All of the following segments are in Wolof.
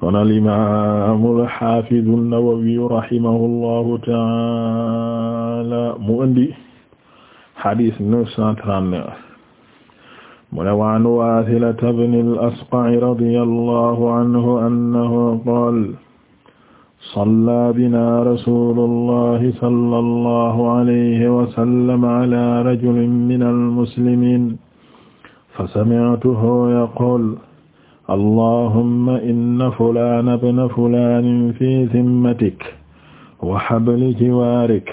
kon alimamu alhafidu an-Nawawi rahimahullahu taala mu andi hadis neuf cent trente-neuf mu ne waan Waasilata bni al-Asqa' radiyallahu anhu annahu qaala salla binaa rasuulullahi sallallahu alayhi wa sallam ala rajulin mina al-muslimiin fa sami'tuhu yaquulu allahumma inna fulaana bna fulaanin fi zimmatik wa habli jiwaarik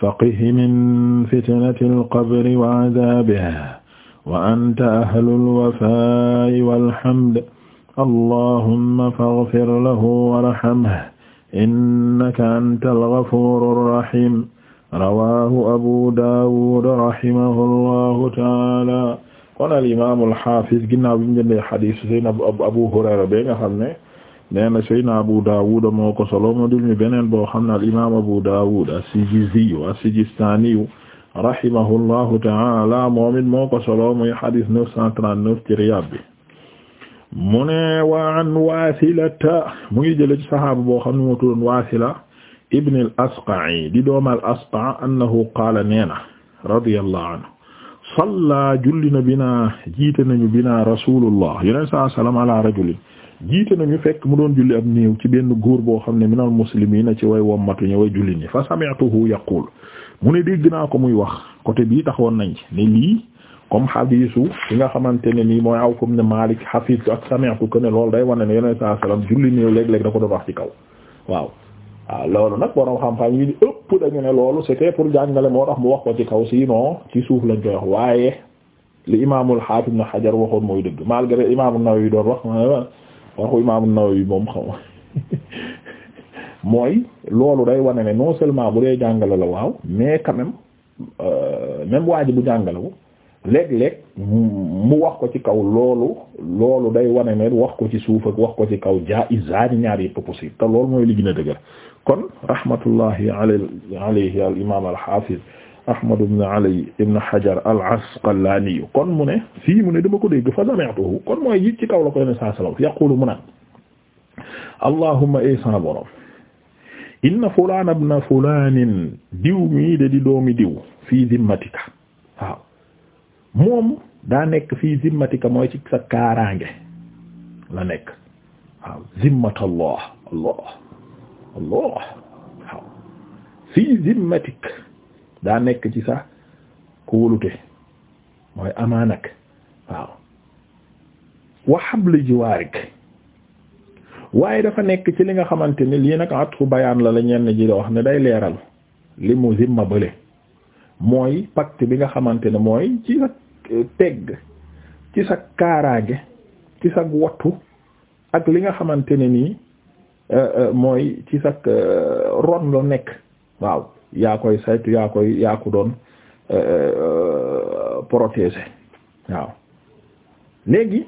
faqih min fitnati alqabri wa adaabihi wa anta ahlul wafaa'i wal hamd allahumma faghfir lahu warhamhu innaka antal ghafuurur rahiim rawaahu abu daawuud rahimahullaahu ta'aala kon al imaam al xaafis ginnaaw bi mu jëndee xadiis Seydina Abu Hurayra be nga xam ne nee na Seydina Abu Daawuda moo ko solo mu dul mi beneen boo xam ne al imaam Abu Daawud as-Sijizi as-Sijistani rahimahullahu ta'ala moom it moo ko solo muy xadiis 939 ci Riyaad bi mu ne wa an Waasilata mu ngi jëlee ci saxaaba boo xam ne moo tuddoon Waasila ibn al-Asqa'i di doomu al-Asqa' annahu qaala nee na radiyallahu anhu salla julli na bina jiite nañu bina rasulullah yeneen saa salaam ala rajulin jiite nañu fekk mu doon julli ab néew ci benn góor boo xam ne minal muslimiina ci way wommatu ñi way julli ñi fa sami'tuhu yaqul mu ne dégg naa ko muy wax côté bii taxoon nañ ci ne lii comme hadiisu ki nga xamante ne nii mooy aw comme ne Maalik hafiztu ak sami'tu ko ne loolu day wane ne yeneen saa salaam julli néew léeg-léeg da ko doon wax ci kaw waaw. waaw ah, loolu nag borom xam-xam yi ëpp dañu ne loolu c'était pour jàngale moo tax mu wax ko ci kaw sinon ci suuf lañ koy wax waaye li imaamul Haafid na Hajar waxoon mooy dëgg malgré imaam An-Nawawi doon wax waxu imaam An-Nawawi moom xam mooy loolu day wane ne non seulement bu dee jàngale la waaw mais quand même euh, même bu jàngalewu léeg-léeg mu wax ko ci kaw loolu loolu day wane ne wax ko ci suuf ak wax ko ci kaw jaa izaani ñaar yëpp possible te loolu mooy li gën kon rahmatullahi alayhi alayhi al imam al hafiz ahmad ibn ali ibn hajar al asqalani kon mu ne fii mu ne dama ko dégg fa sami'tuhu kon mooy yi ci kaw la ko yone saa salaw yaqulu mu naan allahumma ay eh sa borom inna fulaan ibn fulaanin diw mii de di doomi diw fii zimmatika waaw moom daa nekk fii zimmatika mooy ci sa kaaraange la nekk waaw zimmatallah allah allah waaw fii zimmatik daa nekk ci sa kóolute mooy amaanak waaw wa habli jiwaarik waaye dafa nekk ci li nga xamante ni lii nag atru bayaan la la ñenn ji la ne day leeral li mu zimma bële mooy pacte bi nga xamante ne mooy ci sa tegg ci sa kaaraage ci sa wattu ak li nga xamante ne nii Euh, euh, mooy ci sax euh, ron la nekk waaw yaa koy saytu yaa koy yaa ko doon protéger waaw léegi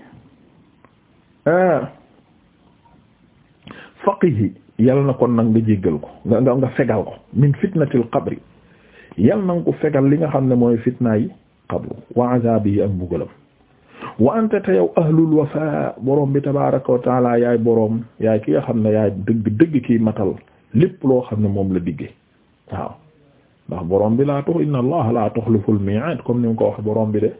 faqihi yal na kon nag nga jéggal ko nga nga nga fegal ko min fitnatil qabri yal na fegal li nga xam ne mooy fitnaayi qabru wa azabi ak mbugalam wa anta te yow ahlul wafa borom bi tabaraka wa taala yaay boroom yaay ki nga xam ne yaay dëgg dëgg kiy matal lépp loo xam ne moom la diggee waaw ndax borom bi laa tux inna allaha laa tuxliful mi'ad comme ni nga ko wax boroom bi de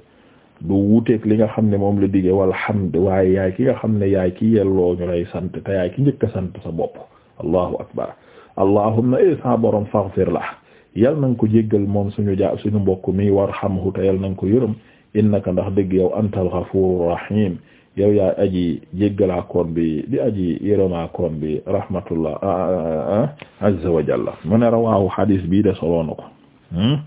du wuuteeg li nga xam ne moom la diggee walhamd waaye yaay ki nga xam ne yaay ki yelloo ñu lay sant te yaay ki njëkk a sant sa bopp allahu akbar allahumma isa eh, borom faghfir la yal na ko jéggal moom suñu ja suñu mbokk mi warhamhu te yal na nga ko yërëm innaka ndax dëgg yow antal ghafurur rahim yow yaa aji jéggalaa koon bi di aji yërëmaa koon bi rahmatullah ah, ah, ah, azza wa jalla mu ne rawahu bii de soloona hmm?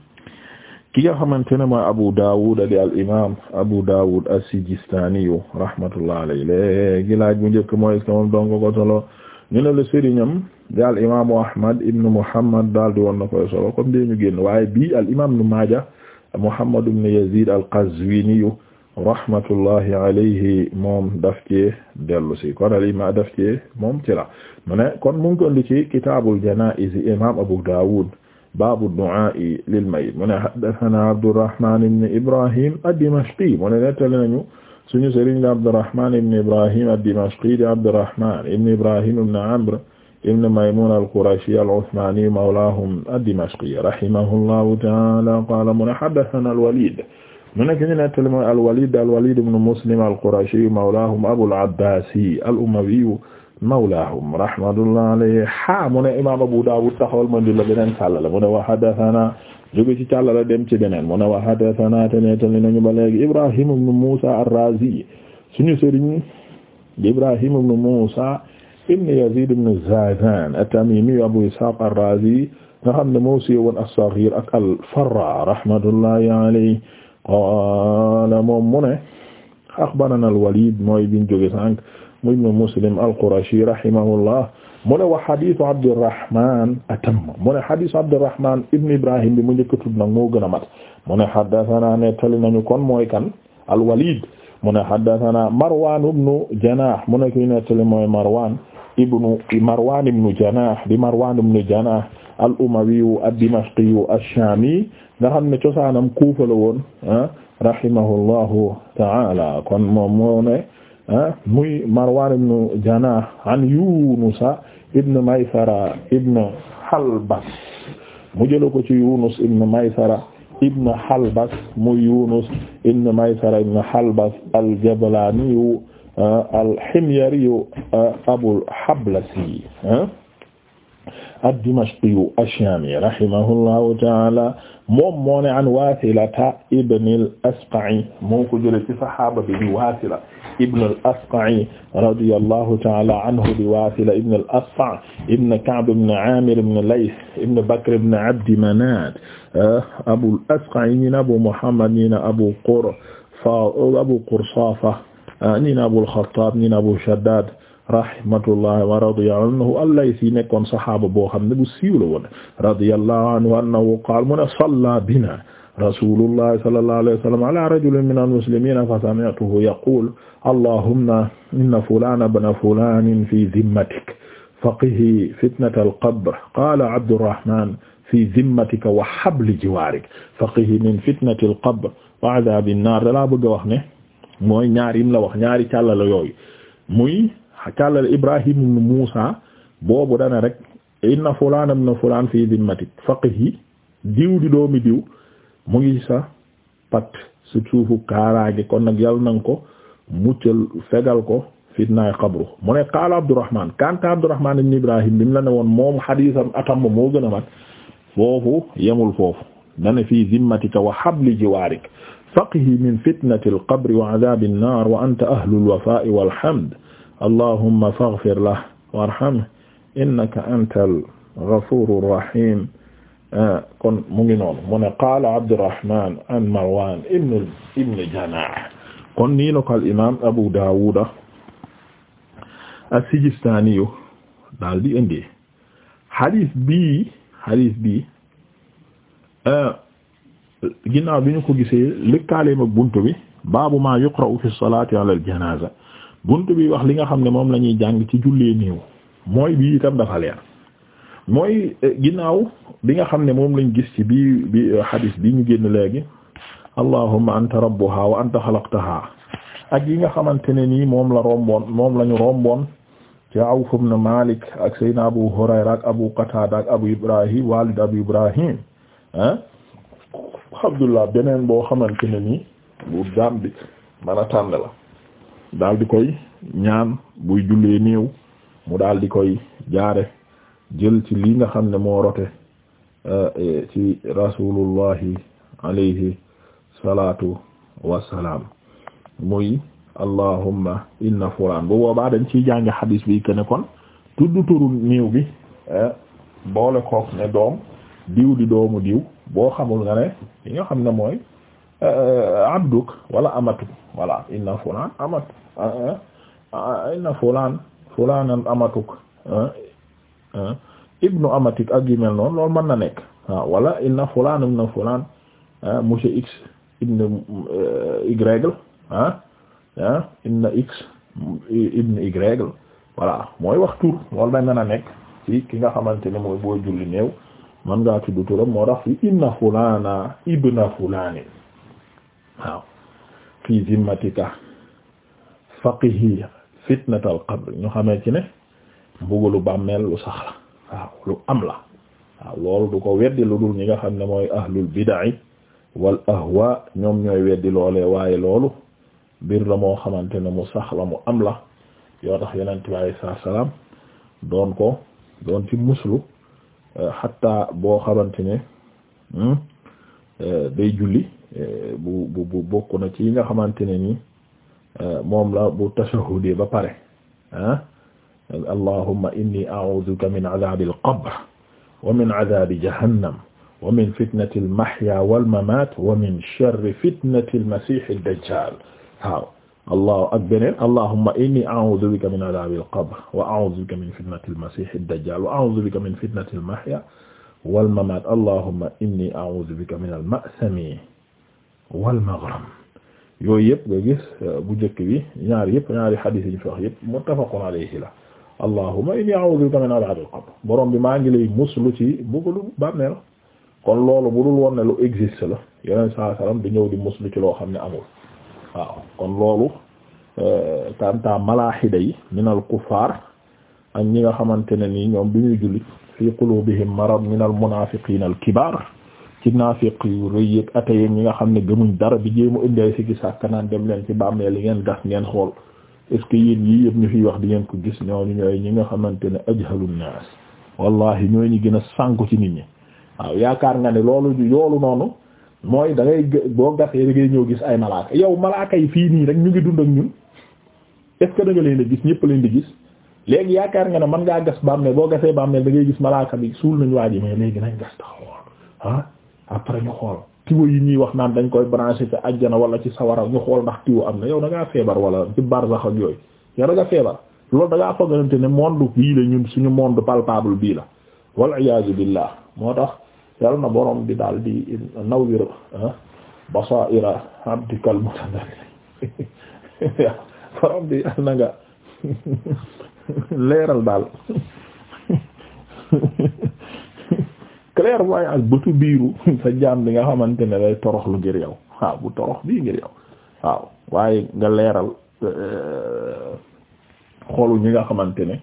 ki nga xamante ne mooy Abu Dawud di al imam Abu Dawud as-Sijistani rahmatullah alayhi léegi laaj bu njëkk mooy est-ce que moom donga ko ne la sëriñam di al Ahmad ibnu Muhammad daal di woon na koy ñu génn waaye bii al nu Maaja Muhammad ibn Yazid al-Qazwini rahmatullahi alayhi moom daf cee dellusi kon alima daf cee moom ci la mu ne kon mu ngi kondi ci kitaabul janaa'iz imaam Abu Daawud baabu du'aa'i lil mayyit mu ne haddathanaa Abdurrahmaan ibn Ibraahiim ad-Dimashqi mu ne nettali nañu suñu sëriñ Abdurrahmaan ibn Ibraahiim ad-Dimashqi di Abdurrahmaan ibn Ibraahiim ibn Amr ibn Maymun al-Qurashi al-Uthmani mawlahum ad-Dimashqi rahimahullahu ta'ala qala mu ne haddathana al-Walid mu nekk ñu nettali mooy al-Walid al-Walid ibn Muslim al-Qurashi mawlahum Abul Abbasi al-Umawi mawlahum rahmatullahi alayhi ha mu ne imam Abu Dawud taxawal ma di la beneen sàllala mu ne wa haddathana jóge ci càllala dem ci beneen mu ne wa haddathana te nettali nañu ba léegi Ibrahim ibn Musa ar-Razi suñu sëriñ Ibrahim ibn Musa ibn Yazid ibn Zazan at-Tamimi Abu Ishaq ar-Razi nga xam ne moo siiwoon as-Saghir ak al-Farra rahmatullahi alayhi qaala moom mu ne axbarana al-Walid mooy biñ jóge sànq mu ibn Muslim al-Qurashi rahimahullah mu ne wa hadithu Abdurrahman atam mu ne hadithu Abdurrahman ibn Ibrahim bi mu njëkk a tudd nag moo gën a mat mu ne haddathana nettali nañu kon mooy kan al-Walid mu ne haddathana Marwan ibn Janah mu ne kuy nettali mooy Marwan ibnu Marwan ibnu Janah di Marwan ibnu Janah al-Umawi ad-Dimashqi ash-Shami nga xam ne cosaanam Kufa la woon ah, rahimahullahu ta'ala kon moom moo ne ah, muy Marwan ibnu Janah an Yunus ibn Maysara ibn Halbas mu jël ko ci Yunus ibn Maysara ibn Halbas muy Yunus ibn Maysara ibn Halbas al-Jabalani Euh, al-Himyariyu euh, Abul Hablasi ad-Dimashqiyu ash-Shami rahimahullahu ta'ala moom moo ne an Wasilata ibn al-Asqa'i moo ko jëlee ci saxaaba bi di Wasila ibn al-Asqa'i radiyallahu ta'ala anhu di Wasila ibn al-Asqa' ibn Ka'b ibn Amir ibn Layth ibn Bakr ibn Abd Manat euh, Abul Asqa'i ñi na Abu Muhammad ñi na Abu Qurfa Abu Qursafa ñi ah, na Abul Xattaab ñi na Abu Shaddaad rahimahullah wa radiya anhu allaysi nekkoon saxaaba boo xam ne bu siiw la woon radiyallahu anhu annahu qaala mu ne salla bina rasulullah sallallahu alayhi wa sallam ala rajulin min almuslimina fa sami'tuhu yaqul allahumma inna fulana ibna fulanin fi dhimmatik faqihi fitnata alqabr qala abdurrahman fi dhimmatika wa habli jiwarik faqihi min fitnati alqabr wa adhabi annar dalaa bëgg a wax ne mooy ñaar yim la wax ñaari càllala yooyu muy càllala Ibrahim ibn Muusa boobu dana rek inna fulaan ibn fulaan fii dimmatik faqihi diw di doomi diw mu ngi sa pat su suufu kaaraange kon nag yal nanga ko muccal fegal ko fitnaay xabru mu ne qaala Abdurrahman kanta Abdurrahman ibn Ibrahim bi mu la ne woon moom xadiisam atam ba moo gën a mat foofu yemul foofu dana fi zimmatika wa habli jiwaarik faqhi min fitnati alqabri wa adaabi annaar wa anta ahlu alwafaa'i walhamd allahumma faghfir lahu warhamhu innaka antal ghafuurur rahiim ah, kon mu ngi noonu mu ne qaala Abdurrahmaan an Marwaan ibn ibn Janaah kon nii la ko al imaam Abu Daawuud as-Sijistaani daal di indi hadiis bi hadiis bi ah, ginnaaw bi ñu ko gisee lëkkaaleem ak bunt bi baabu ma yuqra'u fi salaati ala al janaza buntu bi wax li nga xam ne moom la ñuy jàng ci jullee néew mooy bii itam dafa leer mooy eh, ginnaaw bi nga xam ne moom lañ gis ci bii bi hadis eh, bi ñu génn léegi allahumma anta rabbuha wa anta xalaqtaha ak yi nga xamante ne nii moom la romboon moom lañu ñu romboon ci Awf ibn Malik ak Seydina Abu Hurayra ak Abu Qatada ak Abu Ibrahim walid Abu Ibrahim alhamdulilah beneen boo xamante ne nii bu jaam bi mën la daal di koy ñaan buy jullee néew mu daldi koy jaare jël ci li nga xam ne moo rote eh, eh, ci rasulullahi alayhi salatu wasalaam muy allahumma inna fulaan bu boobaa dañ ciy jànge xadiis bi que kon tudd turu bi eh, boole kook doom diw di doomu diw boo xamul nga ne li nga xam ne mooy euh, euh, abduk wala amatuk wala inna fulaan amat euh, inna fulaan fulaanan amatuk ibnu amatik ak yu mel noonu loolu mën na nekk waaw wala inna fulaan ibnu fulaan monsieur x ibnu y ah x ibnu y voilà mooy wax tur loolu day mën a nekk ci ki nga xamante ne mooy boo julli néew man ngaa tudd turam moo tax fi inna fulana ibna fulani waaw fi zimmatika faqihi fitnatal qabr ñu xamee ci ne mbugalu bàmmeel lu sax waaw lu am la waaw loolu du ko weddi lu dul ñi nga xam ne mooy ahlul bidai wal ahwa ñoom ñooy weddi loolee waaye loolu mbir la moo xamante ne mu sax mu am la yoo tax yenent bi alei salaam doon ko doon ci muslu xatta boo xamante ne hmm, eh, day julli eh, bu bu bu bokk na ci yi nga xamante ne ni eh, moom la bu tashahhudi ba pare ah allahumma inni a'udhuka min adhabi al-qabr wa min adhabi jahannam wa min fitnati al-mahya wal mamat wa min sharri fitnati al-masih ad-dajjal waaw allah ak beneen allahumma inni a'udhu bika min adhabil qabr wa a'udhu bika min fitnatil masiihid dajjal wa a'udhu bika min fitnatil mahya wal mamaat allahumma inni a'udhu bika minal ma'sami wal maghram yooyu yëpp nga gis euh, bu njëkk bi ñaari yëpp ñaari xadiis yi ñu fi wax yëpp muttafaqun alayhi la allahumma inni a'udhu bika min adhabil qabr borom bi maa ngi lay muslu ci mbugalu bàmmeel kon loolu bu dul woon ne lu existe la yeneen saa salaam di ñëw di muslu ci loo xam ne amul. waaw kon loolu euh, kanta malaaxida yi minal kufaar ak ñi nga xamante ne nii ñoom bi ñuy julli fi qulubihim marad minal munaafiqiin al kibaar ci naafiq yu rëy yëg ate yéeg ñi nga xam ne gëmuñ dara bi jéema ënday si gis ak naan dem leen ci bàmmeel li ngeen gas ngeen xool est ce que yéen yii yëpp ñu fiy wax di ngeen ko gis ñooñu ñooy ñi nga xamante ne ajhalu naas wallahi ñooy ñi gën a sànku ci nit ñi waaw yaakaar nga ne loolu yoolu noonu mooy da ngay boo gasee da ñëw gis ay malaaka yow malaaka yi fii nii rek ñu ngi dund ak ñun est ce que da leen a gis ñëpp leen di gis léegi yaakaar nga ne man ngaa gas ne boo gasee bàmmeel da ngay gis malaaka bi suul nañu waa ji mais léegi nañ gas taxawal ah après ñu xool tiwo yi ñuy wax naan dañ koy branché ci ajjana wala ci sawara ñu xool ndax tiw am na yow da ngaa feebar wala ci barzax ak yooyu yow da nga feebar loolu da ngaa foogante ne monde bii la ñun suñu monde palpable bii la wal iyaazu billah moo tax yal na borom bi daal di nawwir ah, basaa'ira abdikal mutanawwir borom bi yal na nga leeral daal clairvoyance bëtu biiru sa jaam bi nga xamante ne lay toroxlu ngir yow waaw bu torox bii ngir yow waaw waaye nga leeral eh, xoolu ñi nga xamante ne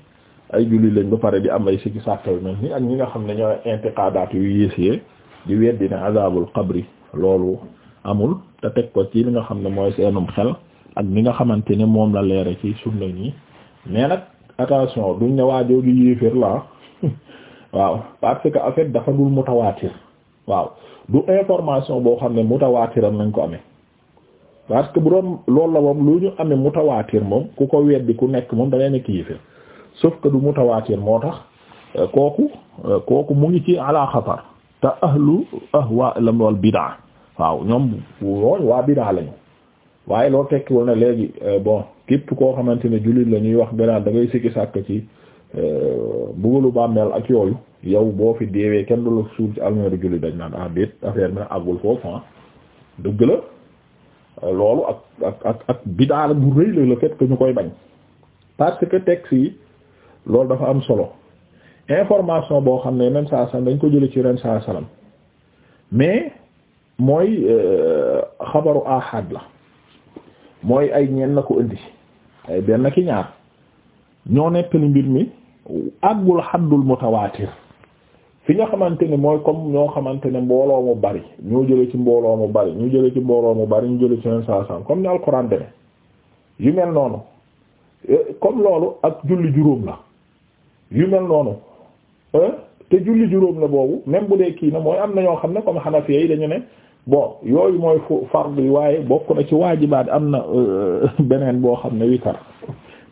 ay julli lañ ba pare di am ay sikki sàkka yu mel ni ak ñi nga xam ne ñooy intiqadaat yu yéesee di weddi ne azabul qabri loolu amul te teg ko ci li nga xam ne mooy seenum xel ak ni nga xamante ne moom la leere ci sunna ñi mais nag attention duñ ne waajoo di yéeféer la waaw parce que en fait dafa dul mutawaatir waaw du information boo xam ne mu mutawaatiram nañ ko ame parce que bu doon loolu la moom lu ñu amee mutawaatir moom ku ko weddi ku nekk moom da ngay nekk sauf que du mutawaatir moo tax euh, kooku euh, kooku mu ngi ci ala xatar te ahlu ahwa lam wal bidaa waaw ñoom ñooñu waa bidaa lañu waaye loo tekkiwul ne léegi euh, bon koo xamante ne jullit la ñuy wax gannaaw da ngay sikki sàkk ci mbugalu bàmmeel ak yooyu yow boo fi deewee kenn du la suul ci almeeru jullit dañ naa ah déet affaire bi nag àggul foofu ah dëgg la loolu ak ak ak bidaa la bu rëy la le fait ñu koy bañ parce que texte yi. loolu dafa am solo information boo xam ne ren saa salaam dañ ko jëlee ci ren saa salaam mais mooy euh, xabaru ahad la mooy ay ñenn na ko indi ay benn ki ñaar ñoo nekk ni mbir mi àggul xaddul mutawaatir fi nga xamante ne mooy comme ñoo xamante ne mbooloo mu bari ñoo jëlee ci mbooloo mu bari ñu jëlee ci mbooloo mu bari ñu jëlee ci ren saa salaam comme ni alxuraan demee yu mel noonu euh, comme loolu ak julli juróom la. yu mel noonu euh, te julli juróom la boobu même bu dee kii na mooy am na ñoo xam ne comme xanafiya yi dañu ne bon yooyu mooy fard yi waaye bokk na ci waajibaat am na euh, beneen boo xam ne witar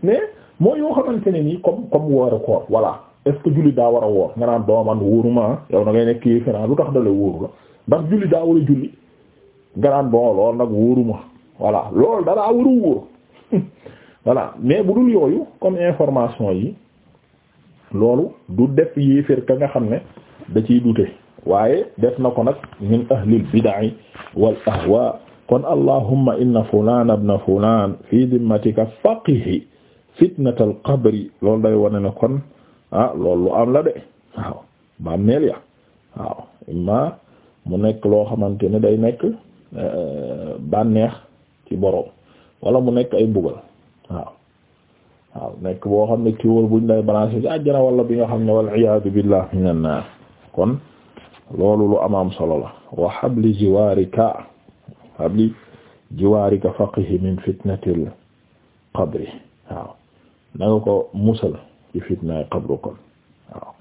mais mooy yoo xamante ne nii comme comme wooru koor voilà est julli daa war a woor nga naan dooman wóoruma ah. yow na ngay nekk kii finance lu tax dalee wóoru la ndax julli daa war a julli nga naan bon loolu nag wóoruma voilà lool dalaa war a wóor mais bu dul yooyu comme information yi loolu du def yéeféer ka nga xam ne da ciy dute waaye def na ko nag min ahlil bidai wal ahwa kon allahumma inna fulan ibn fulan fi dimmatika faqihi fitnatal qabri loolu day wane ne kon ah lu am la de waaw bàmmeel ya waaw imma mu nekk loo xamante ne day nekk euh, bànneex ci boroom wala mu nekk ay mbugal waaw nekk boo xam ne kiwal buñ lay branché ci àjjana wala bi nga xam ne wal iyaadu billah minan naar kon loolu lu amaam solo la wa habli jiwaarika habli jiwaarika faqihi min fitnatil qabri waaw na nga ko musal ci fitnaay qabru kon waaw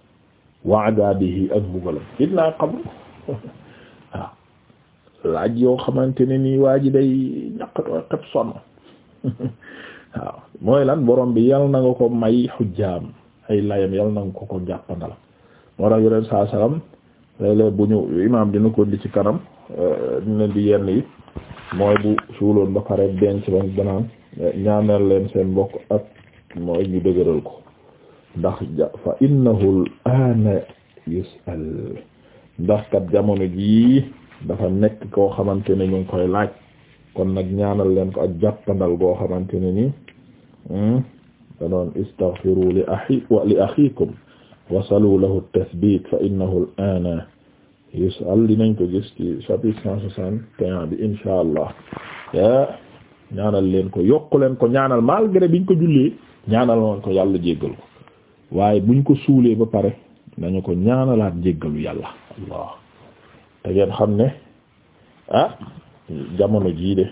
wa adabihi ak mbugalam fitnaay qabru waaw laaj yoo xamante ne nii waa ji day ñaq tooy xeb sonn waaw mooy lan borom bi yal na nga ko may xujjaam ay layam yal na nga ko ko jàppandal moo tax yeneen saa salaam léeg bu ñu imaam dina ko di ci kanam euh, dina di yenn yi mooy bu suuloon ba pare denc ba banaan ñaanal leen seen mbokk ak mooy ñu dëgëral ko ndax fa innahu ndax kat jamono jii dafa nekk koo xamante ne ñu ngi koy laaj kon nag ñaanal leen ko ak jàppandal goo xamante ne ni hmm, da doon istaghfiru li axi wa li axiikum wasalu lahu tasbit fa innahu al yus'al dinañ ko gis ci chapitre cent soixante et un bi insha allah ñaanal leen ko yokk leen ko ñaanal malgré biñ ko jullee ñaanal woon ko yàlla jéggal ko waaye buñ ko suulee ba pare nañu ko ñaanalaat jéggalu yàlla te ngeen xam ne ah jamono jii de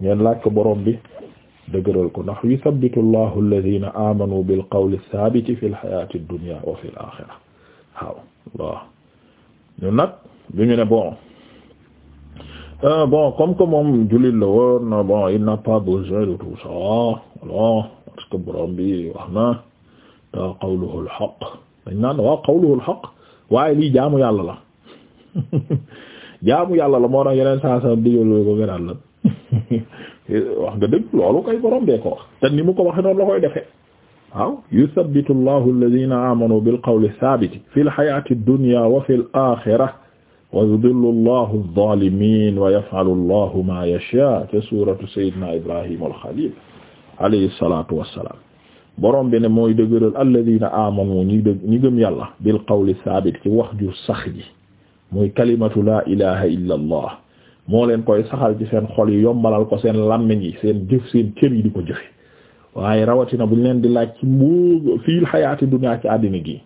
ngeen laaj ko borom bi dëgëral ko ndax yusabbitu llahu alladhina amanu bil qawli thabiti fil hayati dunya wa fil akhirah waaw waaw ñun nag du ñu ne bon euh, bon comme que moom jullit la woon bon il n'a pas wax na ta qawluhu al yàlla la jaamu yàlla la moo tax yeneen saa saa digal ko gënaat la wax nga dëgg loolu kay borom bee ko wax te ni mu ko waxee noonu la koy defee waaw yusabbitu allahu alladhina amanu bil qawli thabiti fi l hayati dunya wa fi l akhirah wa yudillu allahu adh-dhalimin wa yaf'alu allahu ma yasha ca suratu sayyidina ibrahima al-khalil alayhi salatu wassalam borom bi ne mooy dëgëral alladhina amanu ñi dëgg ñi gëm yàlla bil qawli thabit ci wax ju sax ji muy kalimatu la ilaha illa moo leen koy saxal ci seen xol yi yombalal ko seen làmmiñ yi seen jëf seen cër yi di ko jëfe waaye rawatina buñ leen di laaj ci mbuur fii xayaati dunyaa ci àddina gi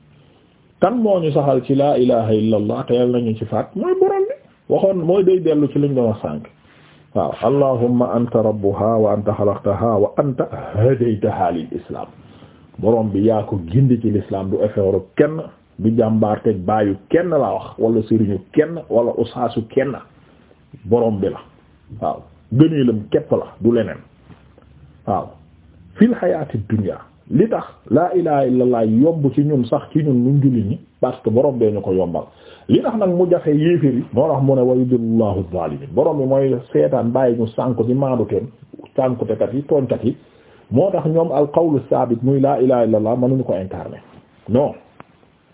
kan moo ñu saxal ci la ilaha illa allah te yal nañu ci faat mooy borom bi waxoon mooy day dellu ci liñ doon wax sànk waaw allahumma anta rabbuha wa anta xalaqtaha wa anta hadaytaha lil islam borom bi yaa ko gindi ci l'islam du effort kenn du jàmbaar teg kenn laa wax wala sëriñu kenn wala usaasu kenn borom bi la waaw gëneelam képp la du leneen waaw fil xayaati dunya li tax laa ilaha laa yomb ci ñun sax ci ñun ñu julli ñi parce que borom bee ñu ko yombal li tax nag mu jafe yéeféri moo tax mu ne wayudillahu zalimin borom bi mooy seetaan bàyyi ñu sànku ci maandu teen sànkutekat yi moo tax ñoom al qawlu saabit muy laa ilaha illallah mënuñu ko incarner non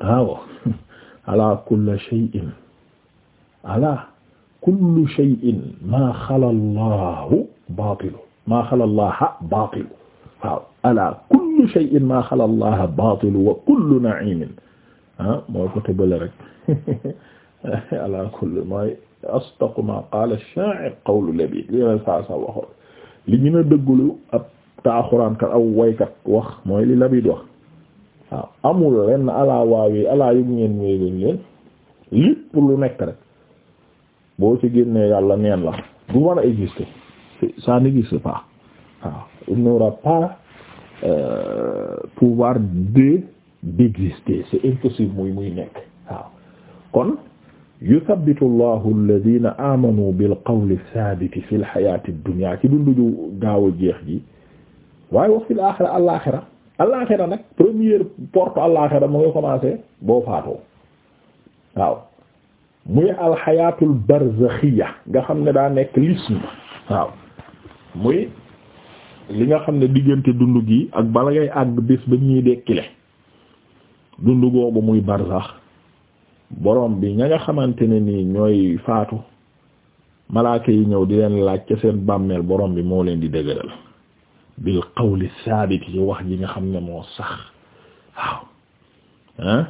waaw ala kulli shay'in ala kulli shay'in maa xala Allahu baatilu maa xala Allaha baatilu waaw ala kulli shay'in maa xala Allaha baatilu wa kullu na'iimin ah mooy côté Bale rek ala kulli mooy asdaqu maa qaala ash-shaa'ir qawlu Labiid li la saa saa waxoon li ñu ne dëggulu ab taaxuraankat aw waykat wax mooy li Labiid wax. waaw amul lenn alaa waawee alaa yëg ngeen wéegal leen lépp lu nekk rek boo ci génnee yàlla neen la du mën a exister ça n'existe pas waaw il n'aura pas euh, pouvoir de d'exister c'est impossible muy muy nekk waaw kon yuthabbitu allahu alladhina amanu bil qawli thabiti fi l hayati dunya ci dundu ju gaaw a jeex ji waaye wa fil akhira al akhira allaaxira nag première porte allaaxira mu ngi commencé boo faatoo waaw muy alxayaatul barzaxiya nga xam ne daa nekk lism waaw muy li nga xam ne diggante dund gi ak bala ngay àgg bés ba ñuy dekkile dund googu muy barzax borom bi ña nga xamante ne nii ñooy faatu malaaka yi ñëw di leen laaj ca seen bàmmeel borom bi moo leen di dëgëral bil qawli saabit ci wax ji nga xam ne moo sax waaw ah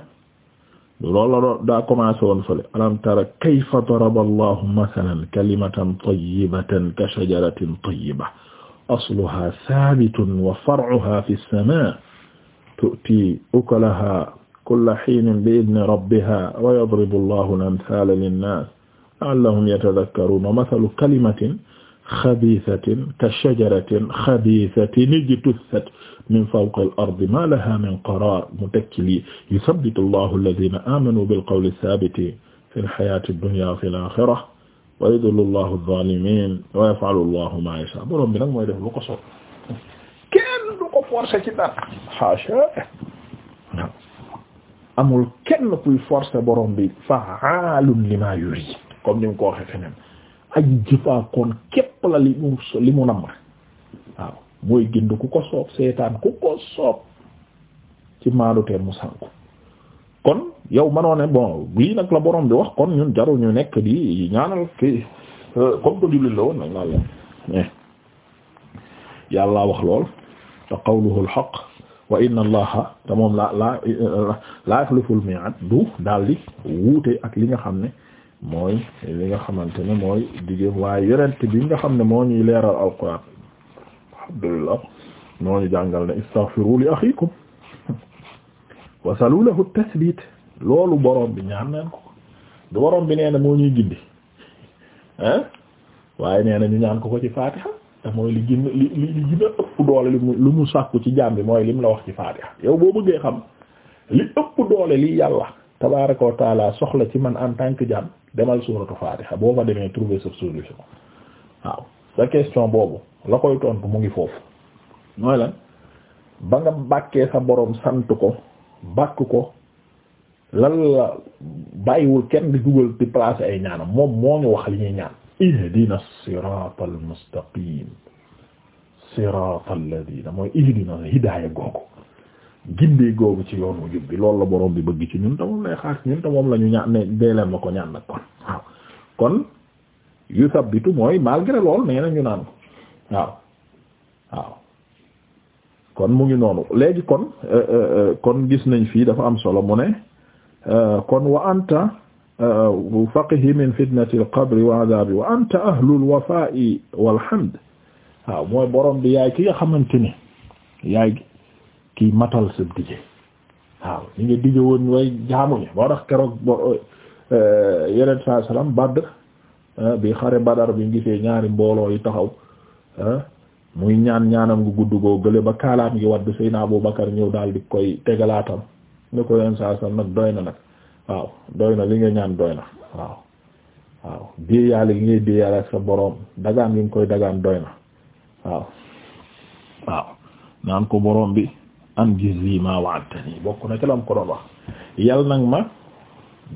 loolu la doon daa commencé woon fële alam tara kayfa daraba allahu mathalan kalimatan tayyibatan ka shajaratin tayyiba asluha saabitun wa far'uha fi as-samaa tu'ti ukulaha kulla hiinin bi-idni rabbiha wa yadribu allahu al-amthaala lin-naas la'allahum yatadhakkaruun wa mathalu kalimatin xabiisatin ka shajaratin xabiisatin ijtussat min fawqi al-ardi maa lahaa min qaraar mu tekki lii yusabbitu Allahu allaziina aamanuu bil-qawli saabiti fi l-hayaati d-dunyaa wa fi l-aaxira wa yudillu Allahu z-zaalimiin wa yaf'alu Allahu maa yashaa' borom bi nag mooy def lu ko soob kenn du ko forcer ci dara haasha amul kenn kuy forcer borom bi fa'aalun limaa yuriid comme ni mu ko waxee feneen aji jëfaakoon képp la li mu li mu namm waaw mooy gind ku ko soob seetaan ku ko soob ci maadu teen mu sànku kon yow manoo ne bon lii nag la borom bi wax kon ñun jarul nekk di ñaanal kii euh, comme ko jullit la woon nag naa leen yàlla wax lool te qawluhu alxaq wa inna allaha te moom laa laa laa yaxliful mi'ad du daldi wuute ak li nga xam ne mooy li nga xamante ne mooy diggéem waaye yonent bi nga xam ne moo ñuy leeral alquran alhamdulillah moo ñu jàngal ne istaghfiru li akhikum wasalu lahu tasbit loolu borom bi ñaan neen ko du borom bi nee na moo ñuy gindi hein waaye nee na ñu ñaan ko ko ci fatiha te mooy li gën li li gën a ëpp doole li mu mu sàkku ci jaam bi mooy mu la wax ci fatiha yow boo bëggee xam li ëpp doole li yàlla tabaaraka wa soxla ci man en tant que jaam demal suuratu Faatiha boo fa demee trouver sa waaw sa question boobu la koy tontu mu ngi foofu mooy lan ba nga bàkkee sa boroom sant ko bàkk ko lan la bàyyiwul kenn di dugal di placer ay ñaanam moom moo ñu wax li ñuy ñaan ihdina siratal mustaqim siratal ladina mooy ihdina hidaaya googu gindee googu ci yoon wu jub bi la boroom bi bëgg ci ñun te moom lay xaar ñun moom la ñu ñaan ne dee ma ko ñaan nag kon waaw kon yu sabbitu mooy malgré lool nee na naan ko waaw waaw kon mu ngi noonu léegi kon euh, euh, euh, kon gis nañ fii dafa am solo mu ne kon wa anta faqihi min fitnati al qabri wa adabi wa anta ahlul wafa'i wal hamd waaw mooy borom bi yaay ki nga xamante ni yaay kii matal sa dige waaw li nga dige woon way jaamuñu moo tax keroog bo yeneen saa salaam Badr euh, bi xare Badar bi gisee ñaari mbooloo yu taxaw euh, muy ñaan ñaanam gu gudd goo gële ba kaalaam gi wadd naa Abu Bakar ñëw daal di koy tegalaatam ne ko nag doy na nag waaw doy na li nga ñaan doy na waaw waaw déeyaale gi ngay déeyaale ak sa boroom dagaan gi nga koy dagaan doy na waaw waaw naan ko boroom bi an jizi ma wa'adtani bokk na ci la mu ko doon wax yal nag ma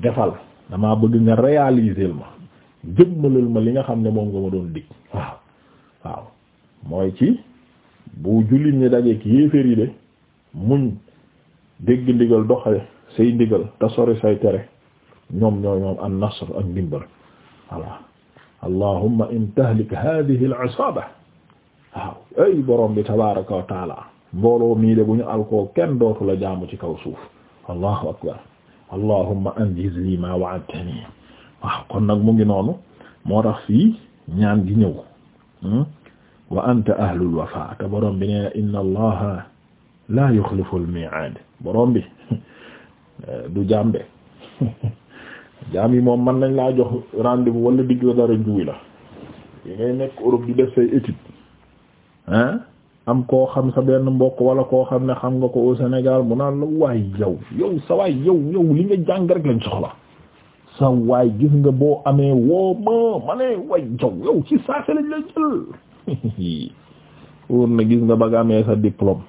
defal damaa bëgg nga réaliser ma jëmmalal ma li nga xam ne moom nga ma doon dig waaw waaw mooy ci bu jullit ñi dajeek yéeféer yi de muñ dégg ndigal doxale say ndigal te sori say tere ñoom ñoom an nasr ak ndimbal voilà allahumma in tahlik hadhihi al isaba waaw ay borom bi tabaraka wa mbooloo mii de bu ñu alkoo kenn dootu la jaamu ci kaw suuf allahu akbar allahumma anjiz li ma wa'adtani waaw kon nag mu ngi noonu moo tax fii ñaan gi ñëw hmm? wa anta ahlul wafa te borom bi a inna allaha la yuxlifu al mi'ad borom bi du jaam jaam yi moom man lañ laa jox rendez-vous wala digg la dara juuy la yi ngay nekk Europe di def say étude hein am koo xam sa benn mbokk wala koo xam ne xam nga ko au Sénégal mu naan la waay yow yow sa waay yow yow li nga jàng rek lañ soxla sa waay gis nga boo amee woo ma ma ne waay yow yow ci saase lañ la jël gis nga ba amee sa diplôme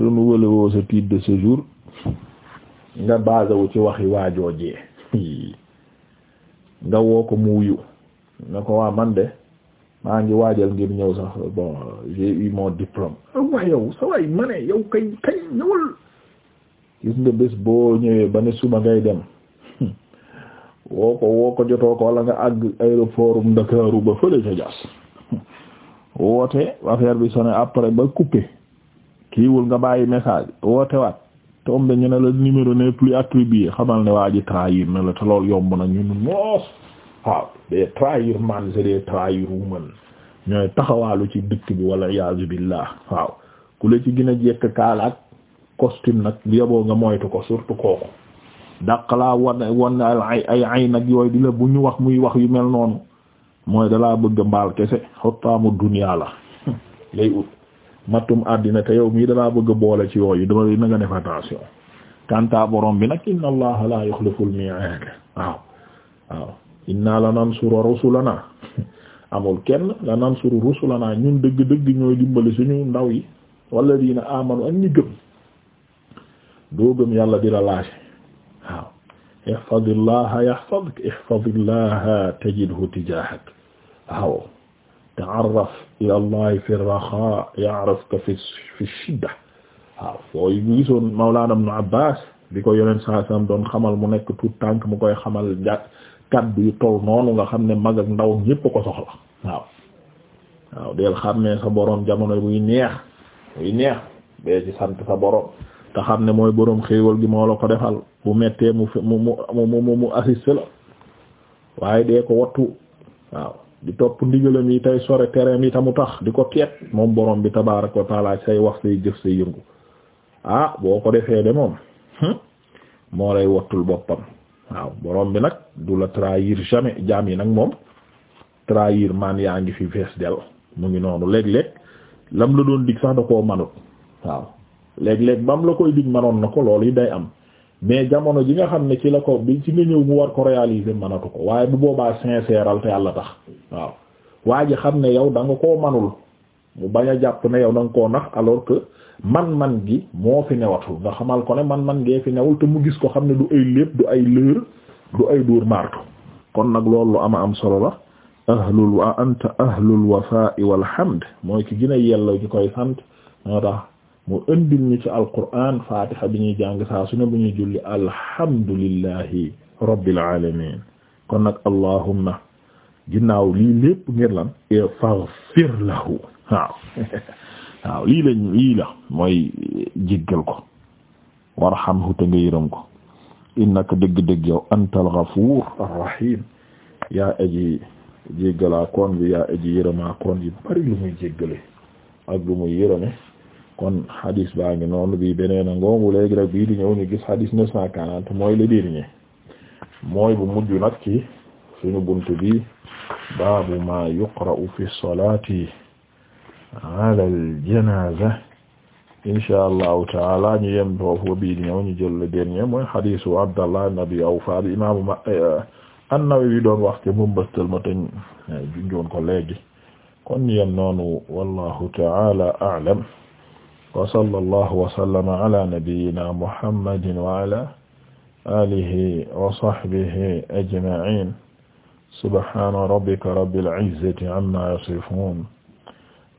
renouvelé woo sa titre de séjour nga basé ci waxi waajoojee nga woo ko mu wuyu nga ko waa man de maa ngi waajal ngir ñëw sax bon j'ai eu mon diplôme ah, waaw yow sa waay ma ne yow kay kay ñëwal gis nga bés boo ñëwee ba ne suba ngay dem woo ko woo ko jotoo ko walla nga àgg aéroport Ndakaaru ba fële ca jaas woote affaire bi sonné après ba coupé kiiwul nga bàyyi message woote waat tombe ñu ne la numéro n'est plus attribué xamal ne waa ji trahir na la te lool yomb na ñun moos waaw des trahir man c'est des trahir woman ñooy taxawaalu ci dëkk bi wala waaw ku la ci gën a jekk kaalaat costume nag yoboo nga moytu ko surtout kooku dàq laa wan wan ay ay ay nag yooyu di la bu ñu wax muy wax yu mel noonu mooy dalaa bëgg mbaal kese xottaamu duniyaa la lay ut mattum àddina te yow mii dalaa bëgg boole ci yooyu dama na nga def attention kanta borom bi nag inna allaha la yuxliful mi'ad waaw waaw inna la nansuru rusulana amul kenn la nansuru rusulana ñun dëgg-dëgg ñooy dimbali suñu ndaw yi wala diina amanu ak ñi gëm doo gëm yàlla di la laaj waaw ihfazillaha yahfazka ihfazillaha tajidhu tijahak waaw ta'arraf ila allahi fi raxa ya'rafka fi fi shidda waaw sooy gisoon mawlana ibn abbas bi ko yoneen saa sam doon xamal mu nekk tout tànk mu koy xamal njàkk kaddu yu toll noonu nga xam ne mag ak ndaw ñépp ko soxla waaw waaw del xam ne sa boroom jamono buy neex buy neex bee ci sant sa boroom te xam ne mooy boroom xéewal gi moo la ko defal bu mettee mu mu mu mu mu la waaye dee ko wattu waaw di topp ndigalam yi tey sore tereem yi tamu tax di ko teet moom boroom bi tabaaraka wa taala say wax say jëf say yëngu ah boo ko defee de moom hm, moo lay wattul boppam waaw borom bi nag du la trahir jamais jaam yi nag moom trahir man yaa ngi fi fees del mu ngi noonu léeg-léeg lam la doon dig sax da koo manut waaw léeg-léeg bam la koy dig manoon na ko loolu yi day am mais jamono ji nga xam ne ci la ko bi ci nga ñëw mu war ko réaliser manatu ko waaye bu boobaa sincère al te yàlla tax waaw waa ji xam ne yow da nga koo manul mu bañ a jàpp na yow da nga koo nax alors que man-man gi moo fi newatul nga xamal ko ne man-man gee fi newul te mu gis ko xam ne du ay lépp du ay lër du ay dóor marto kon nag loolu lu ama am solo la ahlul wa ant ahlul wafa'i wal hamd mooy ki gën a yelloo ci koy sant moo tax mu ëndil ñu ci alquran fatiha bi ñuy jàng saa suñu ne bu ñuy julli alhamdulillahi rabbil alamin kon nag allahumma ginnaaw lii lépp ngir lan faghfir lahu waaw waaw lii lañ lii mooy jéggal ko warhamhu te nga yërëm ko innaka dëgg-dëgg yow antal ghafuur ar-rahiim yaa aji jéggalaa koon bi yaa aji yërëmaa koon bi bari lu muy jéggale ak lu muy yërëme kon hadis baa ngi noonu bii beneen a ngoongu léegi rek bii di ñëw ñu gis hadis neuf cent quarante mooy le dernier mooy bu mujj nag ci suñu bunt bi baabu ma yuqra'u fi salaati ala al-janaaza insha allahu taala ñu yem foofu wa bii di ñëw ñu jël le dernier mooy hadiisu Abdallah ibn Abi Awfa bi imaamu eh, An-Nawawi doon wax te mu mbëstal ma teñ eh, junjoon ko léegi kon ñu yem noonu wallahu taala a'lam wa sallallahu wa sallama ala nabiyyina muhammadin wa ala alihi wa sahbihi ajma'in subhana rabbika rabbil izzati amma yasifun